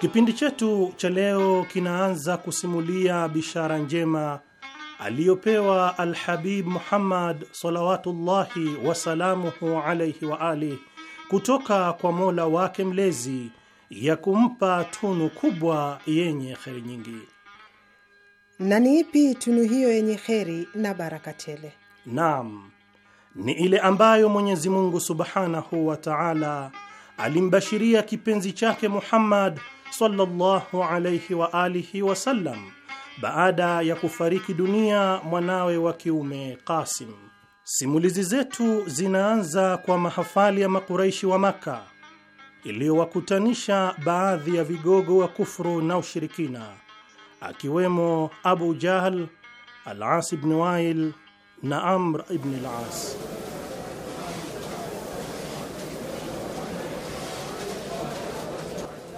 Speaker 3: Kipindi chetu cha leo kinaanza kusimulia bishara njema aliyopewa Alhabib Muhammad salawatullahi wasalamuhu alaihi wa alihi kutoka kwa Mola wake mlezi ya kumpa tunu kubwa yenye kheri nyingi.
Speaker 7: Na ni ipi tunu hiyo yenye kheri na baraka tele?
Speaker 6: Naam,
Speaker 3: ni ile ambayo Mwenyezi Mungu Subhanahu wa Ta'ala alimbashiria kipenzi chake Muhammad sallallahu alayhi wa alihi wasallam baada ya kufariki dunia mwanawe wa kiume Qasim. Simulizi zetu zinaanza kwa mahafali ya Makuraishi wa Maka iliyowakutanisha baadhi ya vigogo wa kufru na ushirikina akiwemo Abu Jahl, alas ibn Wail na Amr ibn al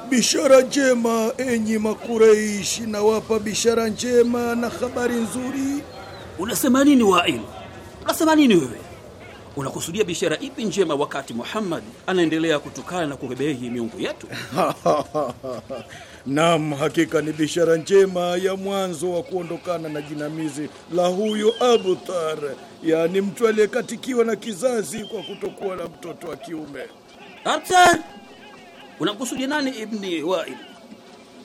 Speaker 8: Bishara njema enyi Makuraishi, nawapa bishara njema na habari nzuri. Unasema nini Wail? Asema nini
Speaker 4: wewe? Unakusudia bishara ipi njema wakati Muhammad anaendelea kutukana na kubebehi miungu yetu?
Speaker 8: Naam, hakika ni bishara njema ya mwanzo wa kuondokana na jinamizi la huyo Abuthar, yaani mtu aliyekatikiwa na kizazi kwa kutokuwa na mtoto wa kiume. Abuthar,
Speaker 4: unamkusudia nani Ibni Wail?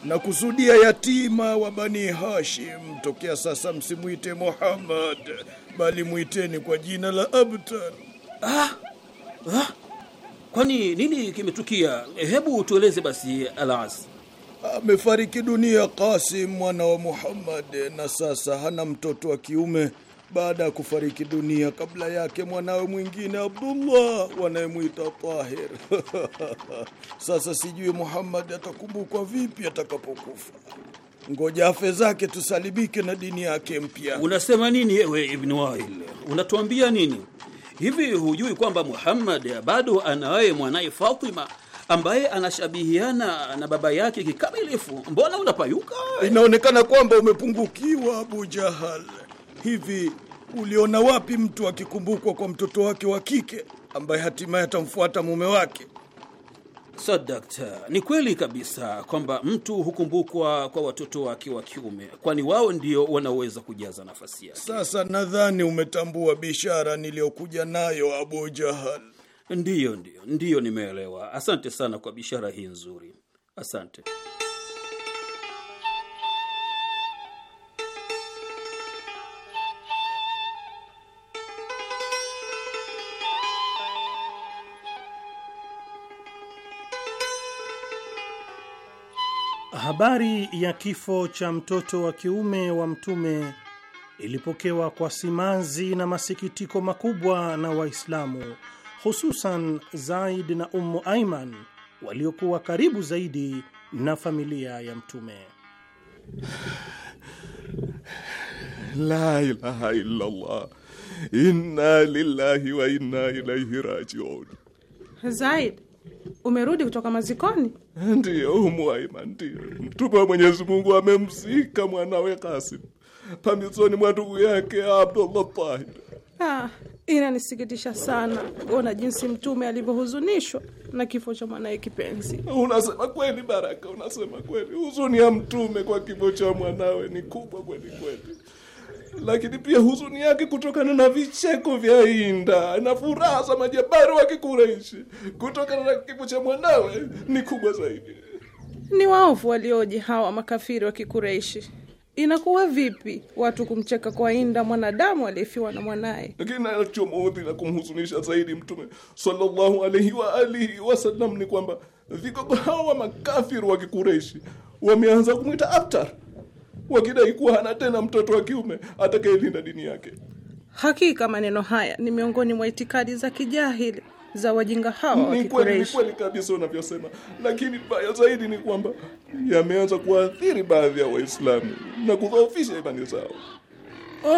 Speaker 8: Nakusudia yatima wa Bani Hashim. Tokea sasa msimwite Muhammad bali mwiteni kwa jina
Speaker 4: la Abtar. Ah, ah. Kwani nini kimetukia? Hebu tueleze basi Alas. Amefariki dunia kasim mwana wa
Speaker 8: Muhammad, na sasa hana mtoto wa kiume baada ya kufariki dunia kabla yake mwanawe mwingine Abdullah wanayemwita Tahir. Sasa sijui Muhammad atakumbukwa vipi atakapokufa ngoja afe
Speaker 4: zake tusalibike na dini yake mpya. Unasema nini ewe Ibn Wail? Unatuambia nini hivi? Hujui kwamba Muhammad bado anaye mwanaye Fatima ambaye anashabihiana na baba yake kikamilifu? Mbona unapayuka? Inaonekana kwamba
Speaker 8: umepungukiwa, Abu Jahal. Hivi uliona wapi mtu akikumbukwa
Speaker 4: kwa mtoto wake wa kike ambaye hatimaye atamfuata mume wake? So, ni kweli kabisa kwamba mtu hukumbukwa kwa watoto wake wa kiume, kwani wao ndio wanaweza kujaza nafasi yake.
Speaker 8: Sasa nadhani umetambua bishara
Speaker 4: niliyokuja nayo, Abu Jahal. Ndiyo, ndiyo, ndiyo, nimeelewa. Asante sana kwa bishara hii nzuri, asante.
Speaker 3: Habari ya kifo cha mtoto wa kiume wa Mtume ilipokewa kwa simanzi na masikitiko makubwa na Waislamu, hususan Zaid na Ummu Aiman
Speaker 6: waliokuwa karibu zaidi na familia ya Mtume.
Speaker 9: La ilaha illallah, inna lillahi wa inna ilaihi rajiun. Zaid, umerudi kutoka mazikoni? Ndiyo, Umwaima, ndiyo mtume wa Mwenyezi Mungu amemzika mwanawe Kasim pambizoni mwa ndugu yake Abdullah Tahir. Ah,
Speaker 10: Inanisikitisha sana kuona jinsi Mtume alivyohuzunishwa na kifo cha mwanaye
Speaker 9: kipenzi. Unasema kweli, Baraka, unasema kweli. Huzuni ya Mtume kwa kifo cha mwanawe ni kubwa kweli kweli, lakini pia huzuni yake kutokana na vicheko vya Inda na furaha za majabari wa Kikureishi kutokana na kifo cha mwanawe ni kubwa zaidi.
Speaker 10: Ni waovu walioje hawa makafiri wa Kikureishi! Inakuwa vipi watu kumcheka kwa inda mwanadamu aliyefiwa na mwanaye?
Speaker 9: Lakini anachomuudhi na kumhuzunisha zaidi Mtume sallallahu alaihi wa alihi wasallam ni kwamba vigogo hao wa makafiri wa Kikureishi wameanza kumwita aftar wakidai kuwa hana tena mtoto wa kiume atakayelinda dini yake.
Speaker 10: Hakika maneno haya ni miongoni mwa itikadi za kijahili za wajinga hawa. wa kweli, ni kweli
Speaker 9: kabisa unavyosema, lakini baya zaidi ni kwamba yameanza kuathiri baadhi ya Waislamu na kudhoofisha imani zao.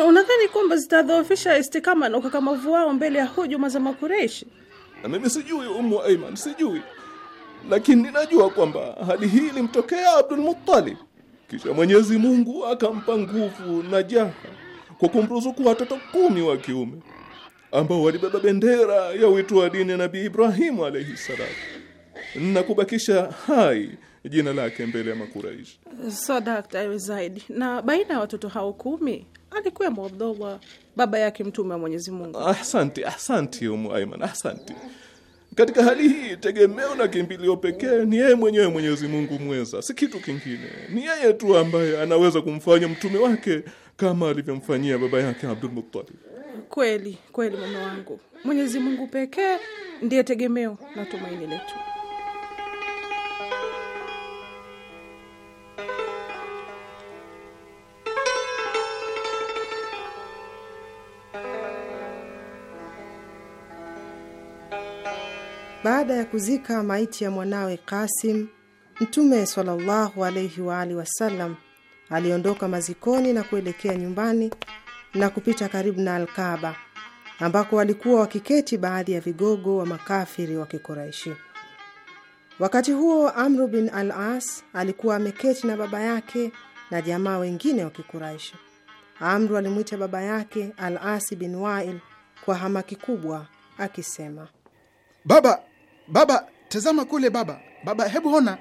Speaker 10: Unadhani kwamba zitadhoofisha istikama na ukakamavu
Speaker 9: wao mbele ya hujuma za Makureishi? Na mimi sijui, Umu Aiman, sijui, lakini ninajua kwamba hali hii ilimtokea Abdul Muttalib, kisha Mwenyezi Mungu akampa nguvu na jaha kwa kumruzuku watoto kumi wa kiume ambao walibeba bendera ya wito wa dini ya Nabii Ibrahimu alayhi salam na kubakisha hai jina lake mbele ya Makuraishi.
Speaker 10: Sadakta iwe zaidi. Na baina ya watoto hao kumi alikuwemo Abdullah baba yake mtume wa Mwenyezi Mungu.
Speaker 9: Asante, asante umu Aiman, asante. Katika hali hii tegemeo na kimbilio pekee ni yeye mwenyewe Mwenyezi Mungu mweza, si kitu kingine. Ni yeye tu ambaye anaweza kumfanya mtume wake kama alivyomfanyia baba yake Abdul Muttalib.
Speaker 10: Kweli kweli, mume wangu, Mwenyezi Mungu pekee ndiye tegemeo na tumaini letu.
Speaker 7: Baada ya kuzika maiti ya mwanawe Kasim, Mtume sallallahu alaihi waalihi wasallam aliondoka mazikoni na kuelekea nyumbani na kupita karibu na Alkaba ambako walikuwa wakiketi baadhi ya vigogo wa makafiri wa Kikuraishi. Wakati huo Amru bin al As alikuwa ameketi na baba yake na jamaa wengine wa Kikuraishi. Amru alimwita baba yake al Asi bin Wail kwa hamaki kubwa akisema, baba, baba, tazama kule baba,
Speaker 11: baba, hebu ona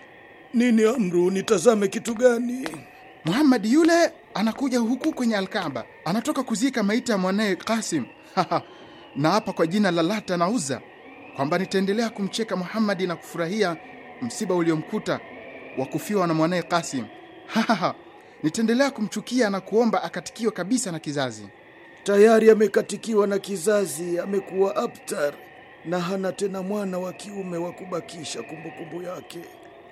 Speaker 11: nini. Amru, nitazame kitu gani? Muhammad yule anakuja huku kwenye Alkaba, anatoka kuzika maiti ya mwanaye Kasim na hapa kwa jina la Lata nauza kwamba nitaendelea kumcheka Muhamadi na kufurahia msiba uliomkuta wa kufiwa na mwanaye Kasim. Nitaendelea kumchukia na kuomba akatikiwe kabisa na kizazi. Tayari amekatikiwa na kizazi, amekuwa aptar na hana tena mwana wa kiume wa kubakisha kumbukumbu yake.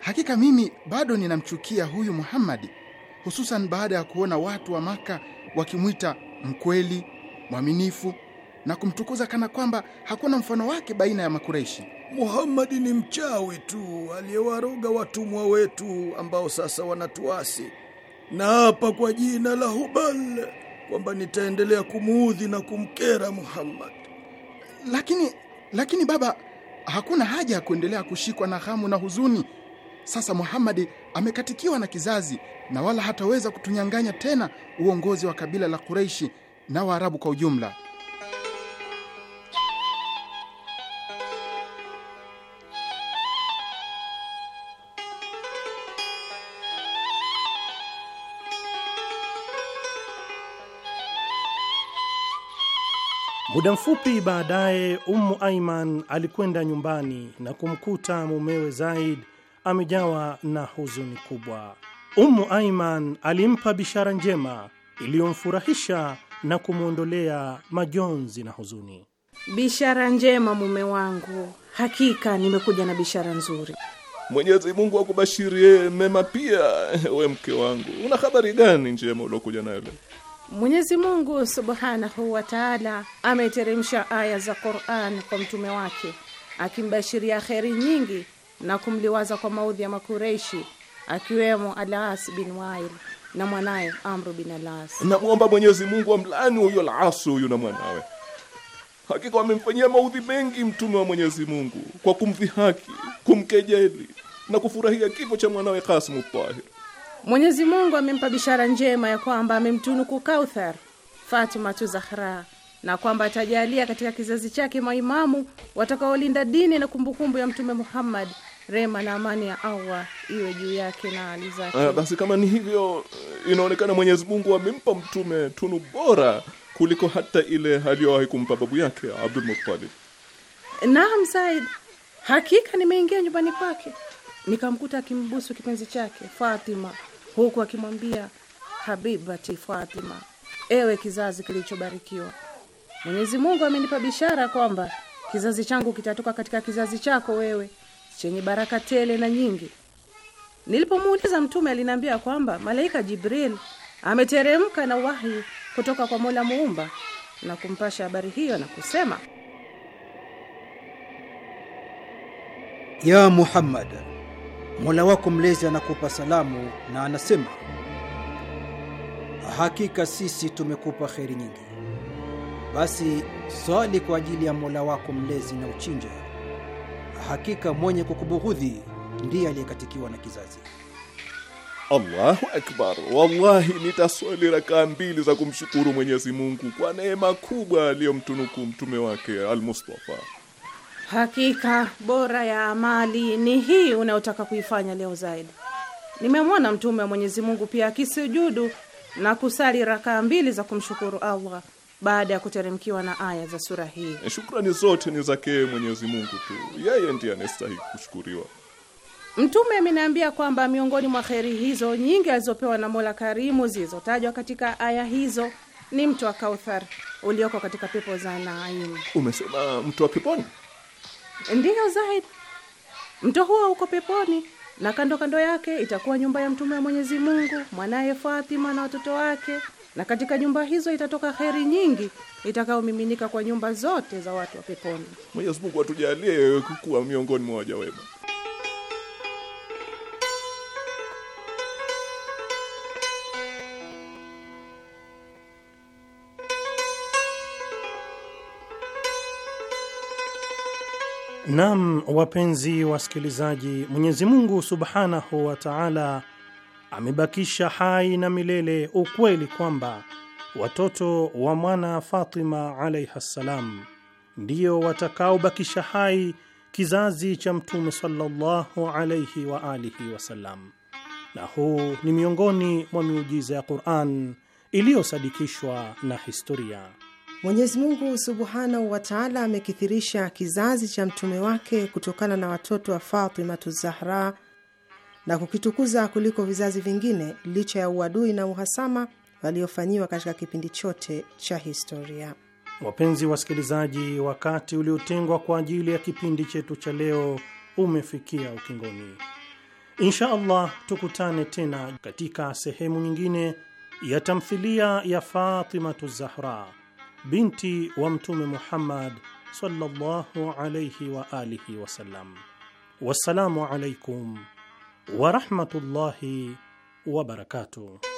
Speaker 11: Hakika mimi bado ninamchukia huyu Muhamadi hususan baada ya kuona watu wa Maka wakimwita mkweli, mwaminifu na kumtukuza kana kwamba hakuna mfano wake baina ya Makureishi. Muhammadi ni mchawi tu
Speaker 8: aliyewaroga watumwa wetu ambao sasa wanatuasi, na hapa kwa
Speaker 11: jina la Hubal kwamba nitaendelea kumuudhi na kumkera Muhammad. Lakini lakini baba, hakuna haja ya kuendelea kushikwa na hamu na huzuni sasa Muhamadi amekatikiwa na kizazi na wala hataweza kutunyang'anya tena uongozi wa kabila la Kureishi na Waarabu kwa ujumla.
Speaker 3: Muda mfupi baadaye, umu Aiman alikwenda nyumbani na kumkuta mumewe Zaid amejawa na huzuni kubwa. Ummu Aiman alimpa bishara
Speaker 6: njema iliyomfurahisha na kumwondolea majonzi na huzuni.
Speaker 10: Bishara njema, mume wangu, hakika nimekuja na bishara nzuri.
Speaker 9: Mwenyezi Mungu akubashirie mema pia. We mke wangu, una habari gani njema uliokuja nayo leo?
Speaker 10: Mwenyezi Mungu subhanahu wa taala ameteremsha aya za Qur'an kwa mtume wake akimbashiria kheri nyingi na kumliwaza kwa maudhi ya Makureishi akiwemo Alas bin Wail na mwanaye Amru bin Alas.
Speaker 9: Namwomba Mwenyezi Mungu amlaani huyo Alasu huyu na mwanawe. Hakika wamemfanyia maudhi mengi mtume wa Mwenyezi Mungu kwa kumdhihaki, kumkejeli na kufurahia kifo cha mwanawe Kasimu Tahir.
Speaker 10: Mwenyezi Mungu amempa bishara njema ya kwamba amemtunuku Kauthar Fatima tu Zahra na kwamba atajalia katika kizazi chake maimamu watakaolinda dini na kumbukumbu ya Mtume Muhammad, rema na amani ya Allah iwe juu yake na hali zake. Ah,
Speaker 9: basi kama ni hivyo, eh, inaonekana Mwenyezi Mungu amempa mtume tunu bora kuliko hata ile aliyowahi kumpa babu yake Abdul Muttalib.
Speaker 10: Naam, Said, hakika nimeingia nyumbani kwake nikamkuta akimbusu kipenzi chake Fatima, huku akimwambia habibati Fatima, ewe kizazi kilichobarikiwa. Mwenyezi Mungu amenipa bishara kwamba kizazi changu kitatoka katika kizazi chako wewe chenye baraka tele na nyingi. Nilipomuuliza mtume aliniambia kwamba malaika Jibril ameteremka na wahi kutoka kwa Mola Muumba na kumpasha habari hiyo na kusema:
Speaker 7: Ya Muhammad,
Speaker 6: Mola wako mlezi anakupa salamu na anasema, hakika sisi tumekupa kheri nyingi basi swali kwa ajili ya Mola wako mlezi na uchinje. Hakika mwenye kukubughudhi ndiye aliyekatikiwa na kizazi.
Speaker 9: Allahu akbar! Wallahi, nitaswali rakaa mbili za kumshukuru Mwenyezi Mungu kwa neema kubwa aliyomtunuku mtume wake Almustafa.
Speaker 10: Hakika bora ya amali ni hii unayotaka kuifanya leo. Zaidi nimemwona mtume wa Mwenyezi Mungu pia akisujudu na kusali rakaa mbili za kumshukuru Allah baada ya kuteremkiwa na aya za sura hii.
Speaker 9: Shukrani zote ni zake Mwenyezi Mungu tu, yeye ndiye anayestahili kushukuriwa.
Speaker 10: Mtume ameniambia kwamba miongoni mwa kheri hizo nyingi alizopewa na Mola Karimu zilizotajwa katika aya hizo ni mto wa Kauthar ulioko katika pepo za Naimu.
Speaker 9: Umesema mto wa peponi?
Speaker 10: Ndiyo Zahid, mto huo uko peponi na kando kando yake itakuwa nyumba ya mtume wa Mwenyezi Mungu, mwanaye Fatima na watoto wake na katika nyumba hizo itatoka kheri nyingi itakayomiminika kwa nyumba zote za watu wa peponi.
Speaker 9: Mwenyezi Mungu atujalie kuwa miongoni mwa waja wema.
Speaker 3: Nam, wapenzi wasikilizaji, Mwenyezi Mungu subhanahu wa taala amebakisha hai na milele ukweli kwamba watoto wa mwana Fatima alaihi ssalam ndio watakaobakisha hai kizazi cha Mtume sallallahu alaihi wa alihi wasallam, na huu ni miongoni mwa miujiza ya Quran
Speaker 6: iliyosadikishwa na historia.
Speaker 7: Mwenyezi Mungu subhanahu wa taala amekithirisha kizazi cha mtume wake kutokana na watoto wa Fatimatu Zahra na kukitukuza kuliko vizazi vingine, licha ya uadui na uhasama waliofanyiwa katika kipindi chote cha historia.
Speaker 3: Wapenzi wasikilizaji, wakati uliotengwa kwa ajili ya kipindi chetu cha leo umefikia ukingoni. Insha Allah, tukutane tena katika sehemu nyingine ya tamthilia ya Fatimatu Zahra binti wa Mtume Muhammad sallallahu alayhi wa alihi wasallam. Wassalamu alaikum
Speaker 6: ورحمه الله وبركاته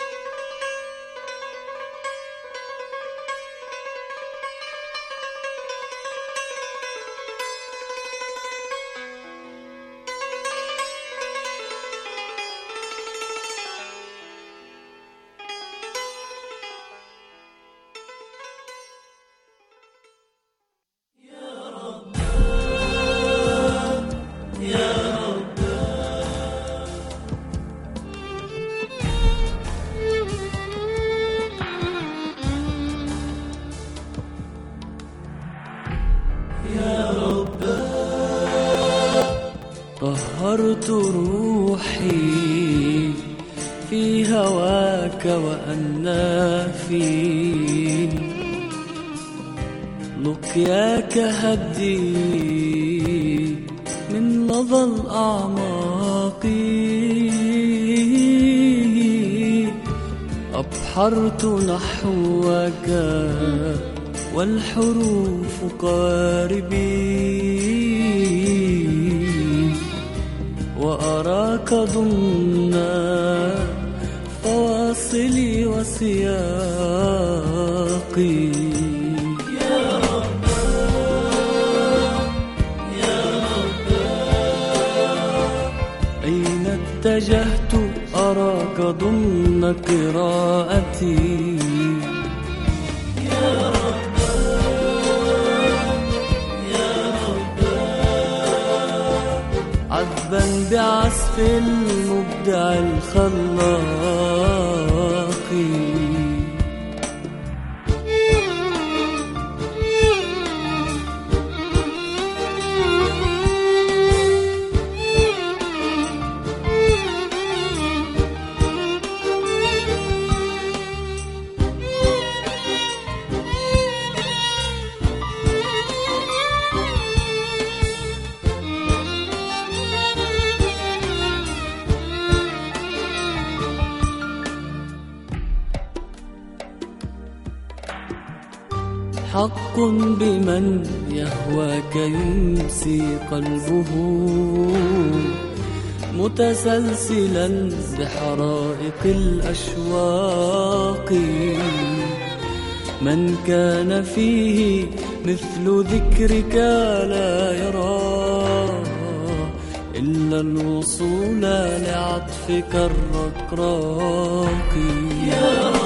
Speaker 12: فقدنا فواصلي وسياقي يا يا أين اتجهت أراك ضمن قراءتي في المبدع الخلاقي حق بمن يهواك يمسي قلبه متسلسلا بحرائق الأشواق من كان فيه مثل ذكرك لا يرى إلا الوصول لعطفك الرقراق يا رب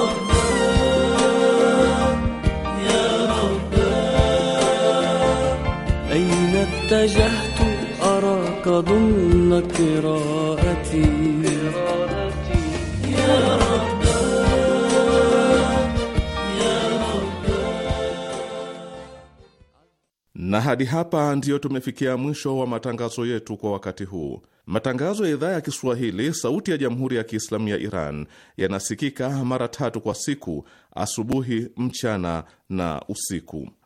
Speaker 12: اتجهت أراك ضمن قراءتي يا
Speaker 9: na hadi hapa ndiyo tumefikia mwisho wa matangazo yetu kwa wakati huu. Matangazo ya idhaa ya Kiswahili sauti ya jamhuri ya Kiislamu ya Iran yanasikika mara tatu kwa siku: asubuhi, mchana na usiku.